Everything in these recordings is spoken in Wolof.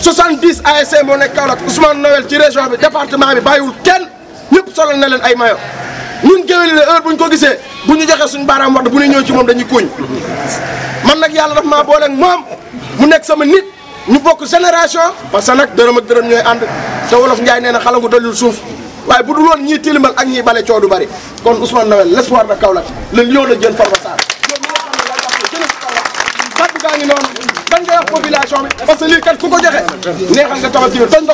70 ASC moo nekk Kaolack Ousmane Noël ci région bi département bi bàyyiwul kenn ñëpp solal na leen ay mayo ñun géwél la heure bu ñu ko gisee bu ñu joxee suñu baaraam wax bu ñu ñëw ci moom dañuy kuñ man nag yàlla daf maa booleeg moom mu nekk sama nit ñu bokk génération parce que nag dërëm ak dërëm ñooy ànd te wolof Njaay nee na xalangu dalul suuf waaye bu dul woon ñii tilimal ak ñii bale coow du bari kon Ousmane Noël l'espoir de Kaolack le lion de Diène ban nga wax population bi parce que lii kat ku ko joxe neexal nga taxaw si yow toñ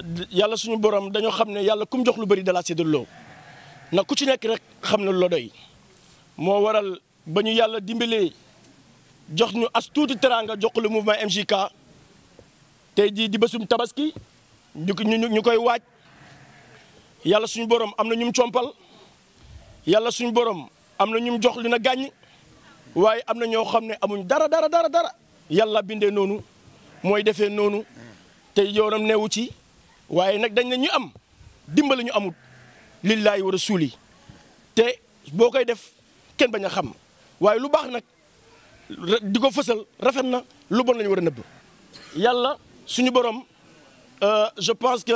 nga yàlla suñu borom dañoo xam ne yàlla kum jox lu bëri dalaa séddaloo na ku ci nekk rek xam na lu la moo waral ba ñu yàlla dimbalee jox ñu as tuuti teraanga jox ko le mouvement MJK tey jii di bésum tabaski ñu ñu ñu koy waaj yàlla suñu borom am na ñu compal yàlla suñu borom. am na ñum jox li na gàññ waaye am na ñoo xam ne amuñ dara dara dara dara yàlla bindee noonu mooy defee noonu te yoonam newu ci waaye nag dañ ne ñu am dimbali ñu amul lillaay wa rasuuli te boo koy def kenn bañ a xam waaye lu baax nag di ko fësal rafet na lu bon la ñu war a nëbb yàlla suñu borom euh, je pense que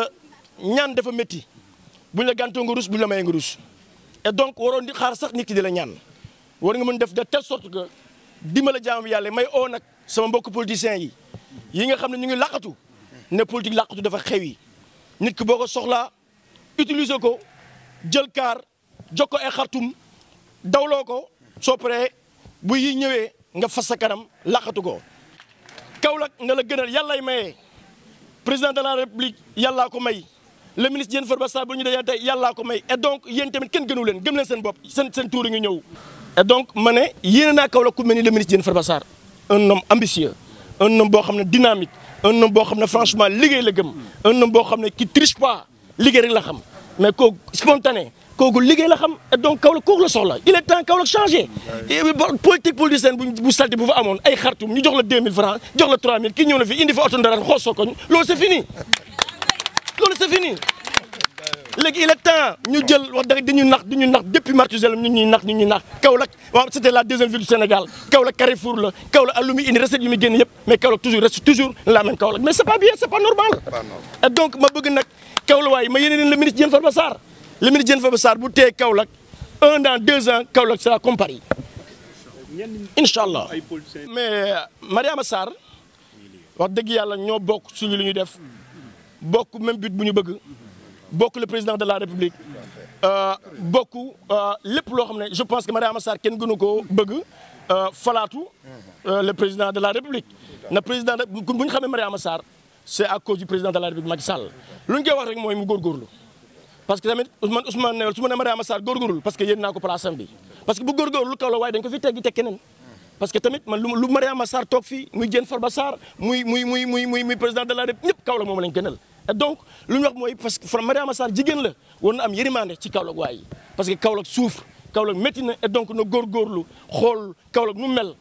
ñaan dafa métti buñ la gàntoo nga rus buñ la mayee nga rus et donc waroon di xaar sax nit ki di la ñaan war nga mën def de tell sorte que dimbala jaamu yàlla may oo nag sama mbokk politiciens yi yi nga xam ne ñu ngi laqatu ne politique laqatu dafa xew yi nit ki boo ko soxlaa utiliser ko jël kaar jox ko ay xartum dawloo ko soo paree bu yi ñëwee nga fas sa kanam laqatu ko. Kaolack nga la gënal yàllay maye président de la république yàllaa ko may. le ministre Diène Farba Sall bu ñu dajee tey ko may et donc yéen tamit kenn gënu leen gëm leen seen bopp seen seen ñëw et donc ma ne yéen naa Kaolack ku ni le ministre Diène Farba Sall un homme ambitieux un homme boo xam ne dynamique un homme boo xam ne franchement liggéey la gëm un homme boo xam ne qui triche pas liggéey rek la xam mais kooku spontané kooku liggéey la xam et donc Kaolack kooku la soxla il est temps Kaolack changé politique politicienne bu bu salté ñu jox la 2000 francs jox loolu c'est fini léegi il est temps ñu jël wax dëgg dañuy nax duñu nax depuis Mathusalem ñu ñuy nax ñu ñuy nax Kaolack waaw c'était la deuxième ville du Sénégal Kaolack Carrefour la Kaolack ak lu muy indi recette yu muy génn yëpp mais Kaolack toujours reste toujours la même Kaolack mais c'est pas bien c'est pas normal et donc ma bëgg nag Kaolack waaye ma yéene leen le ministre Diène Farba Sarr le ministre Diène Farba Sarr bu téye Kaolack un an deux ans Kaolack sera comme Paris incha allah mais euh, Mariama Sarr wax dëgg yàlla ñoo bokk suñu li ñu def bokk même but bu ñu bëgg bokk le président de la république euh, bokk euh, lépp loo xam ne je pense que Mariama Sarr kenn gënu koo bëgg euh, falaatu le président de la république na président de bu ñu Mariama Sarr c' est du président de la république Macky Sall lu ñu wax rek mooy mu góorgóorlu parce que tamit Ousmane Ousmane su ma ne Mariama Sarr góorgóorlu parce que yéen ko place am bi parce que bu góorgóorlu kaw la waaye dañ ko fi teggi teg keneen parce que tamit man lu Mariama muy muy muy muy muy président de la république kaw la moom lañ gënal donc lu ñu wax mooy parce que Mariama Sarr jigéen la war na am yërmande ci Kaolack waay parce que Kaolack suuf Kaolack métti na et donc na góorgóorlu xool Kaolack nu mel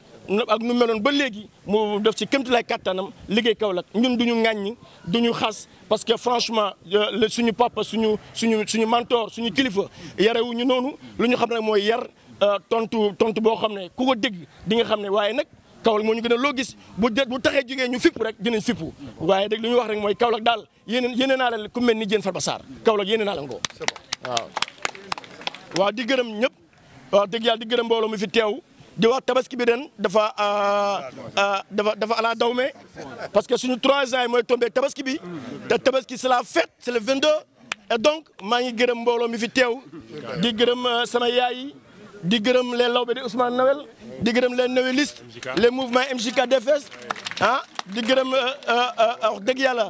ak nu meloon ba léegi mu def ci kéemtalaay kattanam liggéey Kaolack ñun du ñu ŋàññ du ñu xas parce que franchement euh, suñu papa suñu suñu suñu mentor suñu kilifa yarewu ñu noonu lu ñu xam ne mooy yar euh, tontu tontu boo xam ne ku ko dégg di nga xam ne waaye nag. Kaolack moo ñu gën a loo gis bu dé bu taxee jógee ñu fipp rek dinañ fippu waaye dëgg li ñuy wax rek mooy Kaolack daal yéen yéene naa leen ku mel ni Diène Farba Sarr Kaolack yéene naa leen ko waaw di gërëm ñëpp waaw dëgg yàlla di gërëm mbooloo mi fi teew di wax tabaski bi ren dafa euh, euh, dafa dafa ala dawme parce que suñu trois ans yi tabaski bi te tabaski c'est la le 22 et donc maa ngi gërëm mbooloo mi fi teew di gërëm euh, sama yaay yi di gërëm leen lawbe di di gërëm les novelistes les mouvements MJKDFS ah di gërëm euh, euh, euh, wax dëgg yàlla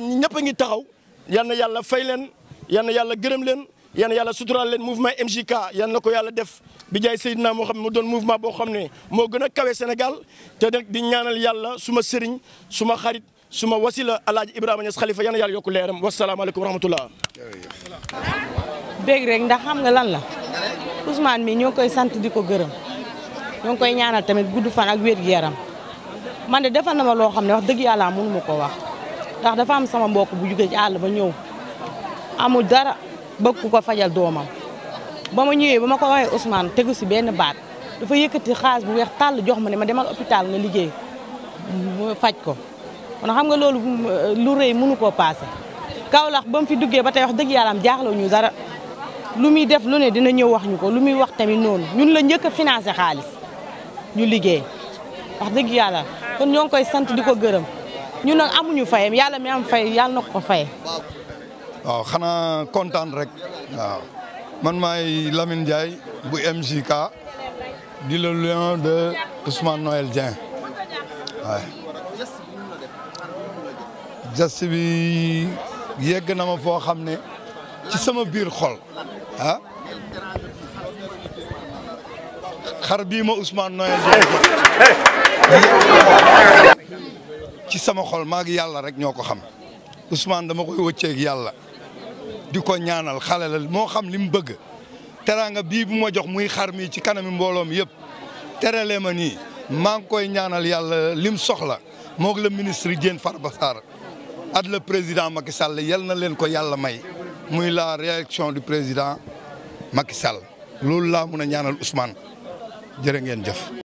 ñëpp a ngi taxaw yal yàlla fay leen yal yàlla gërëm leen yal yàlla suturaal leen mouvement MJK yal na ko yàlla def bi jaay Seydina moo xam ne mu doon mouvement boo xam ne moo gën a kawe senegal te di ñaanal yàlla suma sëriñ suma xarit suma wasila alaaji Ibrahima Niass Khalifa yal na yàlla yokk leeram wasalaamaaleykum wa rahmatullah bég rek ndax xam nga lan la Ousmane mi ñoo koy sant di ko gërëm ñoo ngi koy ñaanal tamit gudd fan ak wér gi yaram man de defal na ma loo xam ne wax dëgg yàlla mënu ma ko wax ndax dafa am sama mbokk bu jugee ci àll ba ñëw amul dara bëgg ku ko fajal doomam ba ma ñëwee ba ma ko waxee Ousmane tegu si benn baat dafa yëkkati xaalis bu weex tàll jox ma ne ma demal hôpital na liggéey faj ko kon xam nga loolu lu rëy mënu koo paase. Kaolack ba mu fi duggee ba tey wax dëgg yàlla am wu ñu dara lu muy def lu ne dina ñëw wax ñu ko lu muy wax tamit noonu ñun la njëkk a financé xaalis. ñu liggéey wax dëgg yàlla kon ñoo ngi koy sant di ko gërëm ñu nag amuñu fayam yàlla mi am fay yàlla na ko fay. waaw xanaa kontaan rek waaw man maay Lamine Ndiaye bu MJK di le lion de Ousmane Noël Dieng waaw. bi yegg na ma foo xam ne ci sama biir xol ah. xar bii ma Ousmane Noël ci sama xol maak ngi yàlla rek ñoo ko xam Ousmane dama koy wëcceeg yàlla di ko ñaanal xale la moo xam li mu bëgg teraanga bii bu ma jox muy xar mi ci kanami mbooloom yëpp terale ma nii maa ngi koy ñaanal yàlla mu soxla moog la ministre Diène Farba Sarr ak le président Macky Sall yal na leen ko yàlla may muy la réaction du président Macky Sall loolu laa mun a ñaanal usmaan jërë ngeen jëf